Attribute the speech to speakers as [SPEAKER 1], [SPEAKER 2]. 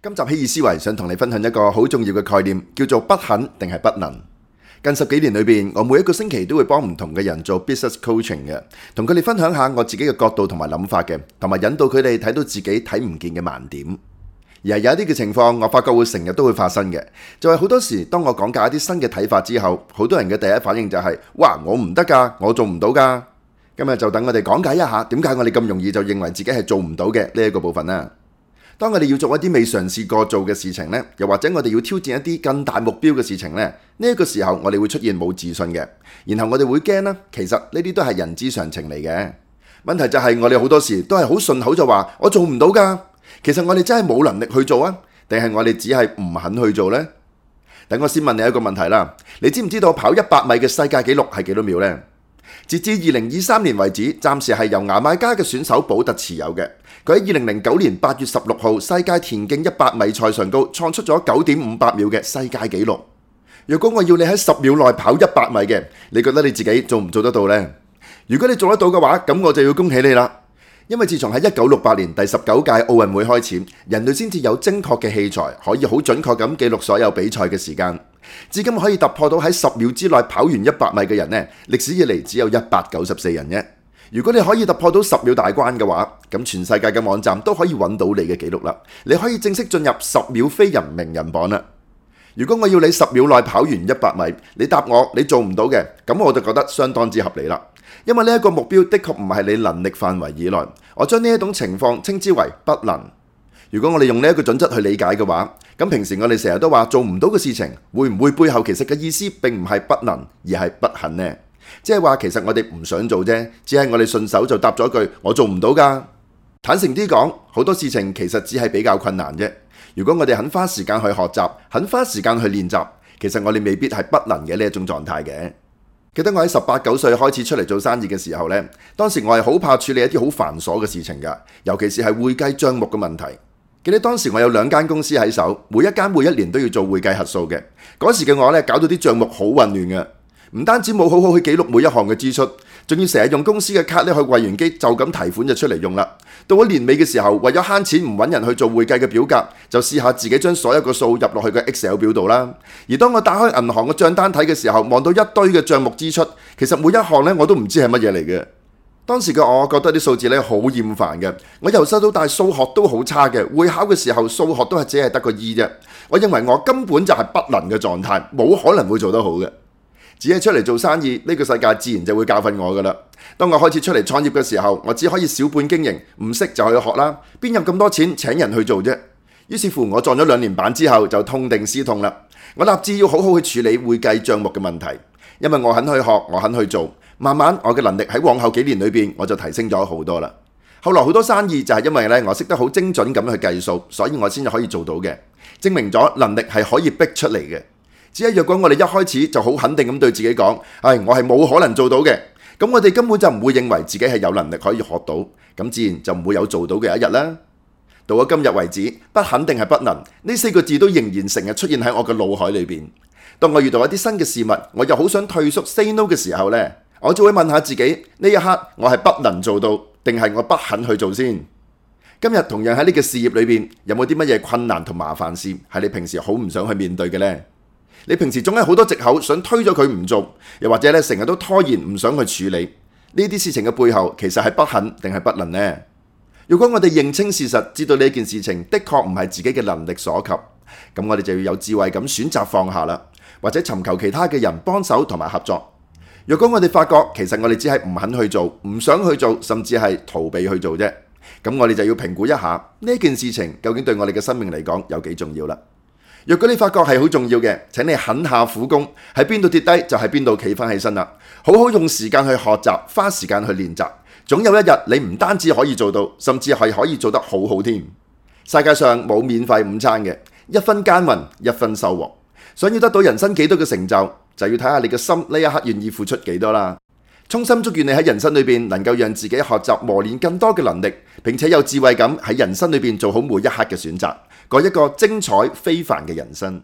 [SPEAKER 1] 今集希爾思維想同你分享一個好重要嘅概念，叫做不肯定係不能。近十幾年裏邊，我每一個星期都會幫唔同嘅人做 business coaching 嘅，同佢哋分享下我自己嘅角度同埋諗法嘅，同埋引導佢哋睇到自己睇唔見嘅盲點。而係有一啲嘅情況，我發覺會成日都會發生嘅，就係、是、好多時當我講解一啲新嘅睇法之後，好多人嘅第一反應就係、是，哇，我唔得噶，我做唔到噶。今日就等我哋講解一下，點解我哋咁容易就認為自己係做唔到嘅呢一個部分啦。當我哋要做一啲未嘗試過做嘅事情呢，又或者我哋要挑戰一啲更大目標嘅事情呢，呢一個時候我哋會出現冇自信嘅，然後我哋會驚啦。其實呢啲都係人之常情嚟嘅。問題就係我哋好多時都係好順口就話我做唔到噶，其實我哋真係冇能力去做啊，定係我哋只係唔肯去做呢？等我先問你一個問題啦，你知唔知道跑一百米嘅世界紀錄係幾多秒呢？截至二零二三年為止，暫時係由牙買加嘅選手保特持有嘅。佢喺二零零九年八月十六號世界田徑一百米賽上高創出咗九點五八秒嘅世界紀錄。如果我要你喺十秒內跑一百米嘅，你覺得你自己做唔做得到呢？如果你做得到嘅話，咁我就要恭喜你啦。因為自從喺一九六八年第十九屆奧運會開始，人類先至有精確嘅器材可以好準確咁記錄所有比賽嘅時間。至今可以突破到喺十秒之內跑完一百米嘅人呢，歷史以嚟只有一百九十四人啫。如果你可以突破到十秒大關嘅話，咁全世界嘅網站都可以揾到你嘅記錄啦。你可以正式進入十秒飛人名人榜啦。如果我要你十秒內跑完一百米，你答我你做唔到嘅，咁我就覺得相當之合理啦。因為呢一個目標的確唔係你能力範圍以內，我將呢一種情況稱之為不能。如果我哋用呢一個準則去理解嘅話，咁平時我哋成日都話做唔到嘅事情，會唔會背後其實嘅意思並唔係不能，而係不肯呢？即係話其實我哋唔想做啫，只係我哋順手就答咗句我做唔到㗎。坦誠啲講，好多事情其實只係比較困難啫。如果我哋肯花時間去學習，肯花時間去練習，其實我哋未必係不能嘅呢一種狀態嘅。記得我喺十八九歲開始出嚟做生意嘅時候呢，當時我係好怕處理一啲好繁瑣嘅事情㗎，尤其是係會計賬目嘅問題。記得當時我有兩間公司喺手，每一間每一年都要做會計核數嘅，嗰時嘅我呢搞到啲賬目好混亂嘅，唔單止冇好好去記錄每一項嘅支出。仲要成日用公司嘅卡咧去櫃員機就咁提款就出嚟用啦。到咗年尾嘅時候，為咗慳錢唔揾人去做會計嘅表格，就試下自己將所有嘅數入落去個 Excel 表度啦。而當我打開銀行嘅賬單睇嘅時候，望到一堆嘅賬目支出，其實每一項咧我都唔知係乜嘢嚟嘅。當時嘅我覺得啲數字咧好厭煩嘅。我由細到大數學都好差嘅，會考嘅時候數學都係只係得個 E 啫。我認為我根本就係不能嘅狀態，冇可能會做得好嘅。只係出嚟做生意，呢個世界自然就會教訓我噶啦。當我開始出嚟創業嘅時候，我只可以小本經營，唔識就去學啦。邊有咁多錢請人去做啫？於是乎，我撞咗兩年板之後，就痛定思痛啦。我立志要好好去處理會計賬目嘅問題，因為我肯去學，我肯去做。慢慢，我嘅能力喺往後幾年裏邊，我就提升咗好多啦。後來好多生意就係因為咧，我識得好精準咁去計數，所以我先至可以做到嘅。證明咗能力係可以逼出嚟嘅。只係若果我哋一開始就好肯定咁對自己講，唉、哎，我係冇可能做到嘅，咁我哋根本就唔會認為自己係有能力可以學到，咁自然就唔會有做到嘅一日啦。到咗今日為止，不肯定係不能呢四個字都仍然成日出現喺我嘅腦海裏邊。當我遇到一啲新嘅事物，我又好想退縮，say no 嘅時候呢，我就會問下自己呢一刻我係不能做到，定係我不肯去做先？今日同樣喺呢個事業裏邊，有冇啲乜嘢困難同麻煩事係你平時好唔想去面對嘅呢？」你平時總係好多借口，想推咗佢唔做，又或者咧成日都拖延，唔想去處理呢啲事情嘅背後，其實係不肯定係不能呢？如果我哋認清事實，知道呢件事情的確唔係自己嘅能力所及，咁我哋就要有智慧咁選擇放下啦，或者尋求其他嘅人幫手同埋合作。若果我哋發覺其實我哋只係唔肯去做，唔想去做，甚至係逃避去做啫，咁我哋就要評估一下呢件事情究竟對我哋嘅生命嚟講有幾重要啦。若果你發覺係好重要嘅，請你狠下苦功，喺邊度跌低就喺邊度企翻起身啦。好好用時間去學習，花時間去練習，總有一日你唔單止可以做到，甚至係可以做得好好添。世界上冇免費午餐嘅，一分耕耘一分收穫。想要得到人生幾多嘅成就，就要睇下你嘅心呢一刻願意付出幾多啦。衷心祝願你喺人生裏邊能夠讓自己學習磨練更多嘅能力，並且有智慧咁喺人生裏邊做好每一刻嘅選擇，過一個精彩非凡嘅人生。